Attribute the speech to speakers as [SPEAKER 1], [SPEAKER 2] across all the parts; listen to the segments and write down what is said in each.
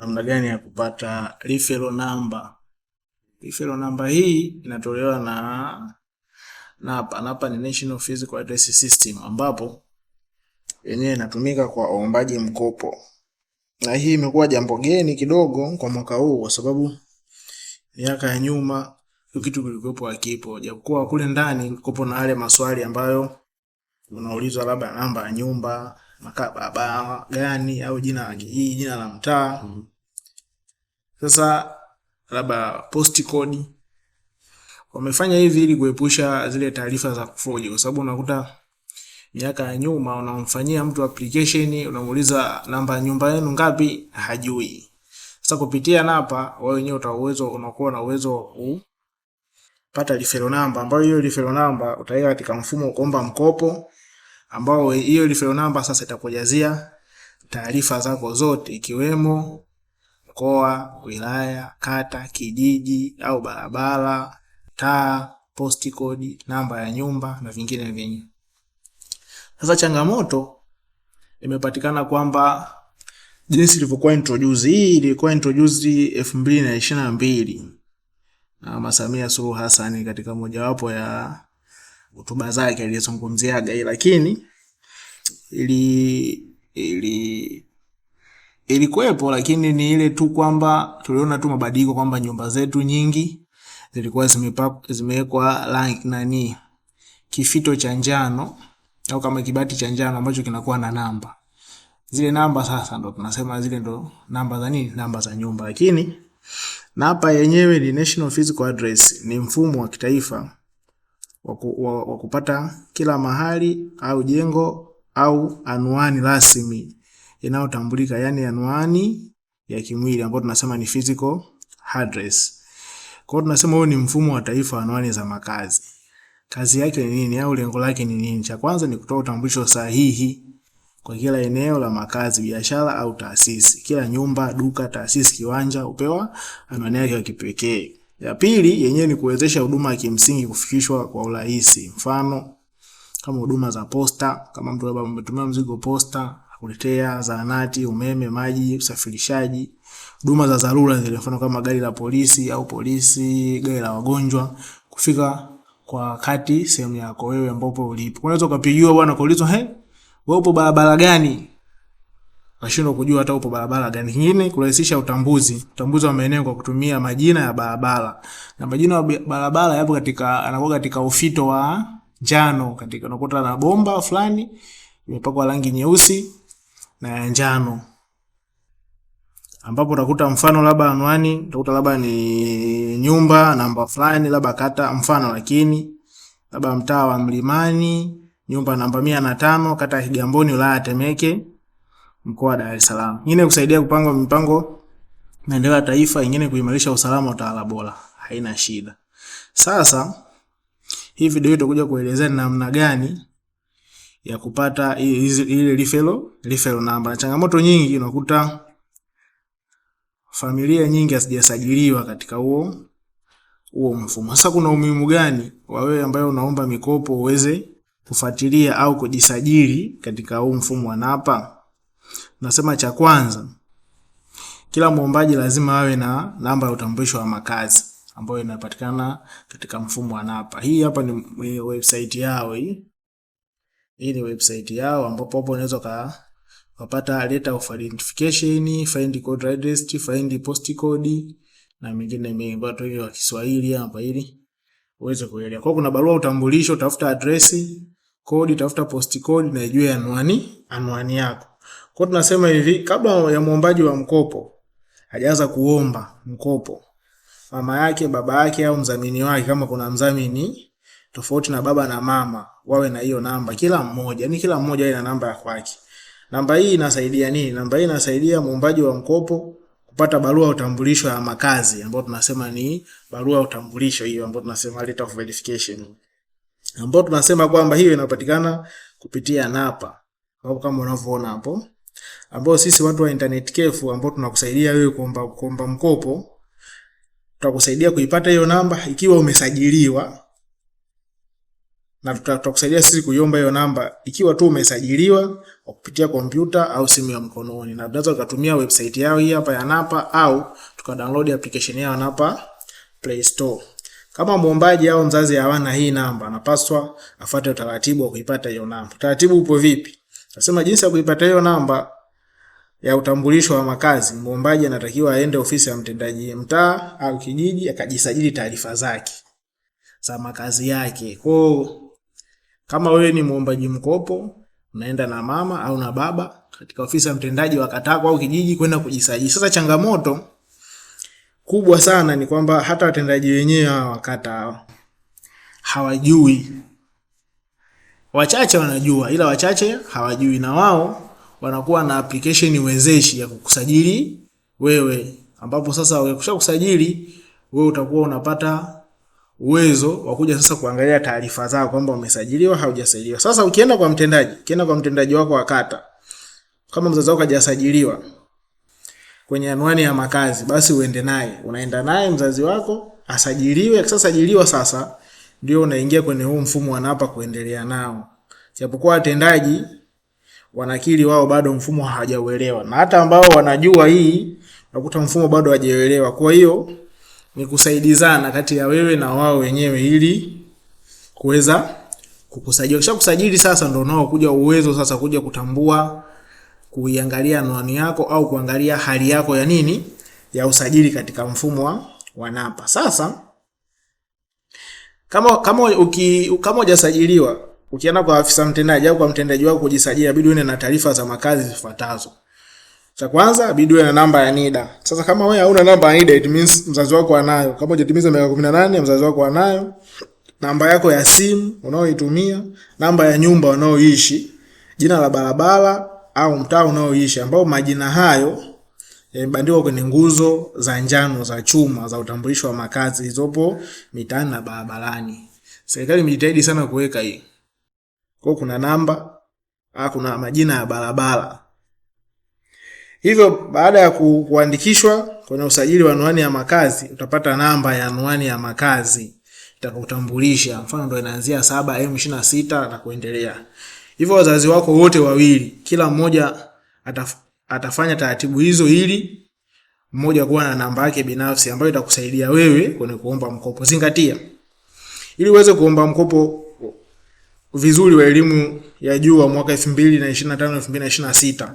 [SPEAKER 1] Namna gani ya kupata referral number. Referral number hii inatolewa na na hapa na hapa ni National Physical Address System, ambapo yenyewe inatumika kwa waombaji mkopo, na hii imekuwa jambo geni kidogo kwa mwaka huu, kwa sababu miaka ya nyuma hiyo kitu kilikuwepo hakipo, japokuwa kule ndani kulikuwepo na yale maswali ambayo unaulizwa labda namba ya nyumba, makaa baba gani, au jina la kijiji, jina la mtaa mm -hmm. Sasa labda post code wamefanya hivi ili kuepusha zile taarifa za kufoji, kwa sababu unakuta miaka ya nyuma unamfanyia mtu application, unamuuliza namba ya nyumba yenu ngapi, hajui. Sasa kupitia napa wao wenyewe uta uwezo, unakuwa na uwezo wa kupata referral number, ambayo hiyo referral number utaweka katika mfumo kuomba mkopo, ambao hiyo referral number sasa itakujazia taarifa zako zote ikiwemo mkoa, wilaya, kata, kijiji au barabara, taa, posti kodi, namba ya nyumba na vingine vingi. Sasa changamoto imepatikana kwamba jinsi ilivyokuwa introduce hii ilikuwa introduce elfu mbili na ishirini na mbili na Mama Samia Suluhu Hassan katika mojawapo ya hotuba zake alizungumziaga, lakini ili ili ilikuwepo, lakini ni ile tu kwamba tuliona tu mabadiliko kwamba nyumba zetu nyingi zilikuwa zimewekwa rangi nani, kifito cha njano au kama kibati cha njano ambacho kinakuwa na namba zile namba sasa ndo tunasema zile ndo namba za nini? Namba za nyumba. Lakini na hapa yenyewe ni National Physical Address, ni mfumo wa kitaifa wa kupata kila mahali au jengo au anwani rasmi inayotambulika, yani anwani ya kimwili ambayo tunasema ni physical address. Kwa tunasema huyu ni mfumo wa taifa wa anwani za makazi. Kazi yake ni nini au lengo lake ni nini? Cha kwanza ni kutoa utambulisho sahihi kwa kila eneo la makazi, biashara au taasisi. Kila nyumba, duka, taasisi, kiwanja upewa anwani yake ya kipekee. Ya pili yenyewe ni kuwezesha huduma ya kimsingi kufikishwa kwa urahisi, mfano kama huduma za posta, kama mtu labda umetumia mzigo posta kuletea zahanati, umeme, maji, usafirishaji, huduma za dharura zile, mfano kama gari la polisi au polisi, gari la wagonjwa kufika kwa wakati sehemu yako wewe ambapo ulipo. Unaweza ukapigiwa bwana, kuulizwa he, wewe upo barabara gani? Nashindwa kujua hata upo barabara gani. Nyingine kurahisisha utambuzi, utambuzi wa maeneo kwa kutumia majina ya barabara. Na majina ya barabara yapo katika, anakuwa katika ufito wa njano, katika unakuta na bomba fulani imepakwa rangi nyeusi na ya njano, ambapo utakuta mfano labda anwani utakuta labda ni nyumba namba fulani, labda kata mfano, lakini labda mtaa wa Mlimani, nyumba namba mia na tano, kata ya Kigamboni, wilaya ya Temeke, mkoa wa Dar es Salaam. Nyingine kusaidia kupanga mipango maendeleo ya taifa, nyingine kuimarisha usalama wa utawala bora. Haina shida. Sasa hii video itakuja kuelezea ni namna gani ya kupata ile referral referral namba. Na changamoto nyingi unakuta familia nyingi hazijasajiliwa katika huo huo mfumo. Sasa kuna umuhimu gani wa wewe ambaye unaomba mikopo uweze kufuatilia au kujisajili katika huu mfumo wa NAPA? Nasema cha kwanza, kila mwombaji lazima awe na namba ya utambulisho wa makazi ambayo inapatikana katika mfumo wa NAPA. Hii hapa ni website yao hii. Hii ni website yao ambapo hapo unaweza ka wapata letter of identification, find code address, find post code na mingine mengi watu hiyo wa Kiswahili hapa ili uweze kuelewa. Kwa kuna barua utambulisho, tafuta address, code, tafuta post code na ijue anwani, anwani yako. Kwa tunasema hivi kabla ya muombaji wa mkopo hajaanza kuomba mkopo, mama yake, baba yake au mzamini wake kama kuna mzamini tofauti na baba na mama wawe na hiyo namba, kila mmoja yani, kila mmoja awe na namba ya kwake. Namba hii inasaidia nini? Namba hii inasaidia muombaji wa mkopo kupata barua ya utambulisho ya makazi ambayo tunasema ni barua ya utambulisho hiyo ambayo tunasema letter of verification, ambayo tunasema kwamba hiyo inapatikana kupitia NAPA kama unavyoona hapo, ambayo sisi watu wa internet kefu ambao tunakusaidia wewe kuomba kuomba mkopo tutakusaidia kuipata hiyo namba ikiwa umesajiliwa na tutakusaidia sisi kuiomba hiyo namba ikiwa tu umesajiliwa kwa kupitia kompyuta au simu ya mkononi, na tunaweza tukatumia website yao hii hapa ya NAPA au tukadownload application yao NAPA Play Store. Kama muombaji au mzazi hawana hii namba, anapaswa afuate utaratibu wa kuipata hiyo namba. Utaratibu upo vipi? Nasema jinsi ya kuipata hiyo namba ya utambulisho wa makazi, muombaji anatakiwa aende ofisi ya mtendaji mtaa au kijiji akajisajili taarifa zake za makazi yake Kwa kama wewe ni mwombaji mkopo, unaenda na mama au na baba katika ofisi ya mtendaji wa kata au kijiji kwenda kujisajili. Sasa changamoto kubwa sana ni kwamba hata watendaji wenyewe hawa wa kata hawajui. Wachache wanajua, ila wachache hawajui, na wao wanakuwa na application wezeshi ya kukusajili wewe, ambapo sasa ukishakusajili wewe utakuwa unapata uwezo wa kuja sasa kuangalia taarifa zao kwamba umesajiliwa haujasajiliwa. Sasa ukienda kwa mtendaji, ukienda kwa mtendaji wako wa kata, kama mzazi wako hajasajiliwa kwenye anwani ya makazi, basi uende naye, unaenda naye mzazi wako asajiliwe. sajiliwa, sasa ndio unaingia kwenye huu mfumo wanaapa kuendelea nao, japokuwa watendaji wanakili wao bado mfumo hawajauelewa, na hata ambao wanajua hii, nakuta mfumo bado hajaelewa. kwa hiyo ni kusaidizana kati ya wewe na wao wenyewe ili kuweza kukusajili. Kisha kusajili sasa, ndio nao kuja uwezo sasa kuja kutambua kuiangalia anwani yako au kuangalia hali yako ya nini ya usajili katika mfumo wa wanapa. Sasa kama kama uki, kama hujasajiliwa ukienda kwa afisa mtendaji au kwa mtendaji wako kujisajili, inabidi uende na taarifa za makazi zifuatazo. Cha kwanza bidi uwe na namba ya NIDA. Sasa kama wewe hauna namba ya NIDA, it means mzazi wako anayo. Kama hujatimiza miaka 18, mzazi wako anayo. Namba yako ya simu unaoitumia, namba ya nyumba unaoishi, jina la barabara au mtaa unaoishi ambao majina hayo yamebandikwa kwenye nguzo za njano za chuma za utambulisho wa makazi zilizopo mitaani na barabarani. Serikali imejitahidi sana kuweka hii. Kwa kuna namba, ah, kuna majina ya barabara Hivyo baada ya kuandikishwa kwenye usajili wa anwani ya makazi utapata namba ya anwani ya makazi itakutambulisha, mfano ndio inaanzia 7 M26 na kuendelea. Hivyo wazazi wako wote wawili, kila mmoja ataf, atafanya taratibu hizo ili mmoja kuwa na namba yake binafsi ambayo itakusaidia wewe kwenye kuomba mkopo. Zingatia, ili uweze kuomba mkopo vizuri wa elimu ya juu wa mwaka 2025 2026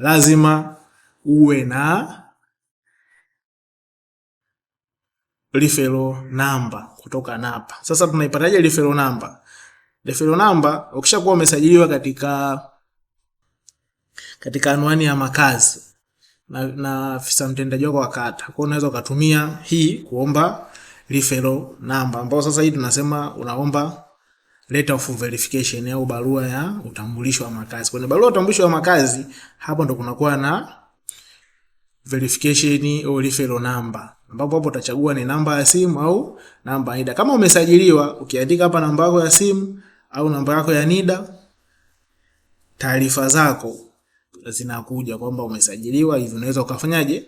[SPEAKER 1] lazima uwe na referral number kutoka NAPA. Sasa tunaipataje referral number? Referral number ukishakuwa umesajiliwa katika katika anwani ya makazi na, na afisa mtendaji wako wa kata. Kwa hiyo unaweza ukatumia hii kuomba referral number, ambao sasa hii tunasema unaomba letter of verification au barua ya utambulisho wa makazi. Kwenye barua ya utambulisho wa makazi, hapo ndo kunakuwa na verification au referral number, ambapo hapo utachagua ni namba ya simu au namba NIDA. Kama umesajiliwa, ukiandika hapa namba yako ya simu au namba yako ya NIDA, taarifa zako zinakuja kwamba umesajiliwa, hivi unaweza ukafanyaje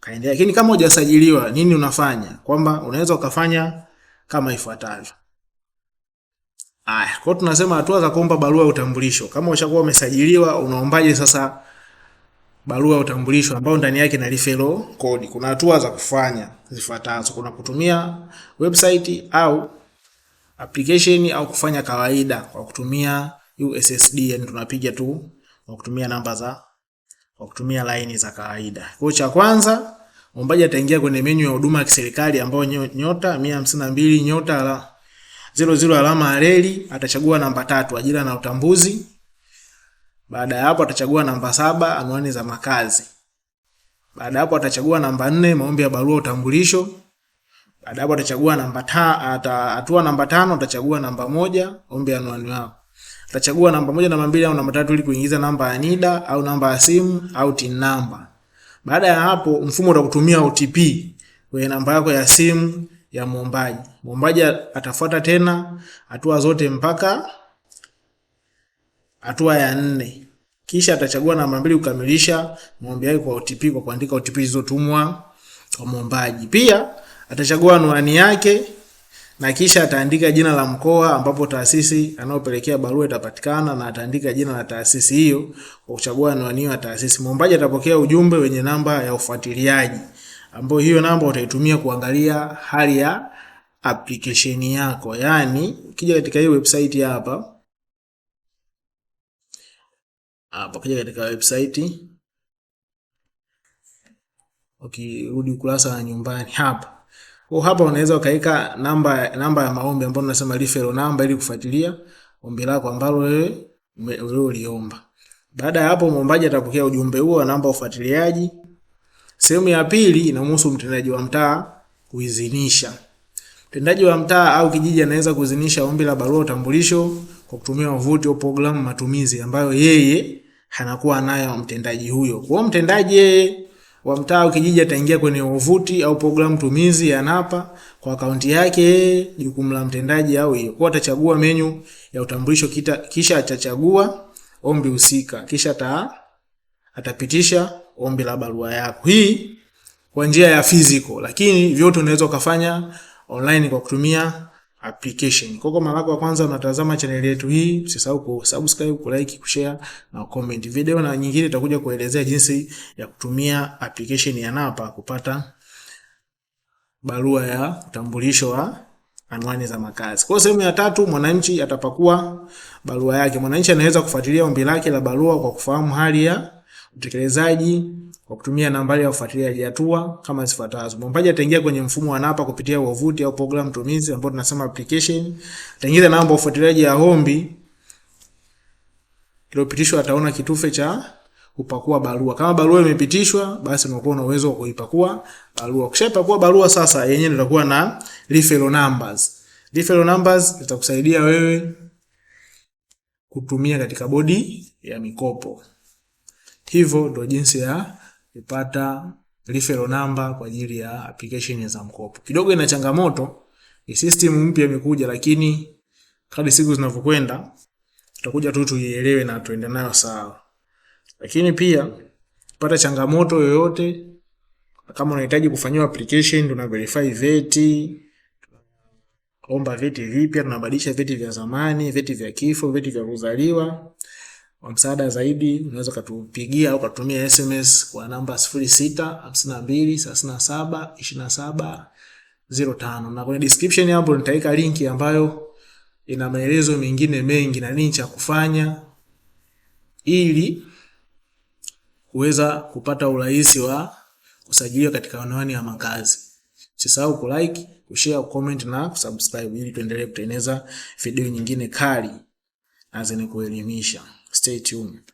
[SPEAKER 1] kaendelea. Lakini kama hujasajiliwa, nini unafanya? Kwamba unaweza ukafanya kama ifuatavyo. Aya, kwa tunasema hatua za kuomba barua ya utambulisho. Kama ushakuwa umesajiliwa, unaombaje sasa barua ya utambulisho ambayo ndani yake na referral code? Kuna hatua za kufanya zifuatazo. Kuna kutumia website au application au kufanya kawaida kwa kutumia USSD, yani tunapiga tu kwa kutumia namba za kwa kutumia laini za kawaida. Kwa cha kwanza, ombaji ataingia kwenye menu ya huduma ya kiserikali ambayo nyota 152 nyota la zero zero alama ya reli atachagua namba tatu, ajira na utambuzi. Baada ya hapo atachagua namba saba, anwani za makazi. Baada ya hapo atachagua namba nne, maombi ya barua utambulisho. Baada ya hapo atachagua namba ata hatua namba tano atachagua namba moja, ombi ya anwani yao. Atachagua namba moja, namba mbili au namba tatu ili kuingiza namba ya NIDA au namba ya simu au TIN namba. Baada ya hapo mfumo utakutumia OTP kwenye namba yako ya simu ya mwombaji. Mwombaji atafuata tena hatua zote mpaka hatua ya nne, kisha atachagua namba mbili kukamilisha maombi yake kwa OTP kwa kuandika OTP zilizotumwa kwa mwombaji. Pia atachagua anwani yake na kisha ataandika jina la mkoa ambapo taasisi anayopelekea barua itapatikana na ataandika jina la taasisi hiyo kwa kuchagua anwani ya taasisi. Mwombaji atapokea ujumbe wenye namba ya ufuatiliaji ambayo hiyo namba utaitumia kuangalia hali ya application yako. Yaani ukija katika hii website hapa hapa, ukija katika website ukirudi ukurasa wa nyumbani hapa kwa hapa unaweza ukaweka namba namba ya maombi ambayo tunasema referral namba, ili kufuatilia ombi lako ambalo wewe uliomba. Baada ya hapo, mwombaji atapokea ujumbe huo wa namba ufuatiliaji Sehemu ya pili inamhusu mtendaji wa mtaa kuidhinisha. Mtendaji wa mtaa au kijiji anaweza kuidhinisha ombi la barua utambulisho kwa kutumia wavuti au programu matumizi ambayo yeye anakuwa nayo mtendaji huyo. Kwa mtendaji yeye wa mtaa au kijiji ataingia kwenye wavuti au programu tumizi ya NAPA kwa akaunti yake jukumu la mtendaji au hiyo. Kwa atachagua menyu ya utambulisho kita, kisha atachagua ombi husika kisha ta, atapitisha ombi la barua yako hii kwa njia ya physical, lakini vyote unaweza ukafanya online kwa kutumia application. Kwa mara yako ya kwanza unatazama channel yetu hii, usisahau ku ku subscribe, like, ku share na comment. Video na nyingine itakuja kuelezea jinsi ya kutumia application ya NAPA kupata barua ya utambulisho wa anwani za makazi. Kwa sehemu ya tatu, mwananchi atapakua barua yake. Mwananchi anaweza kufuatilia ombi lake la barua kwa kufahamu hali ya utekelezaji kwa kutumia nambari ya ufuatiliaji hatua kama zifuatazo. Mwombaji ataingia kwenye mfumo wa NAPA kupitia wavuti au program tumizi ambayo tunasema application. Ataingiza namba ya ufuatiliaji ya ombi iliyopitishwa, ataona kitufe cha kupakua barua. Kama barua imepitishwa, basi unakuwa na uwezo wa kuipakua barua. Ukishapakua barua, sasa yenyewe itakuwa na referral numbers. Referral numbers itakusaidia wewe kutumia katika bodi ya mikopo. Hivyo ndo jinsi ya kupata referral number kwa ajili ya application za mkopo. Kidogo ina changamoto, ni system mpya imekuja, lakini kadri siku zinavyokwenda tutakuja tu tuielewe na tuende nayo sawa. Lakini pia pata changamoto yoyote, kama unahitaji kufanyiwa application, tuna verify veti, omba veti vipya, tunabadilisha veti vya zamani, veti vya kifo, veti vya kuzaliwa kwa msaada zaidi unaweza ukatupigia au ukatumia SMS kwa namba 0652372705 na kwenye description hapo nitaweka linki ambayo ina maelezo mengine mengi na nini cha kufanya ili kuweza kupata urahisi wa kusajiliwa katika anwani ya makazi. Usisahau ku ku like, share, ku comment na kusubscribe ili tuendelee kutengeneza video nyingine kali na zenye kuelimisha. Stay tuned.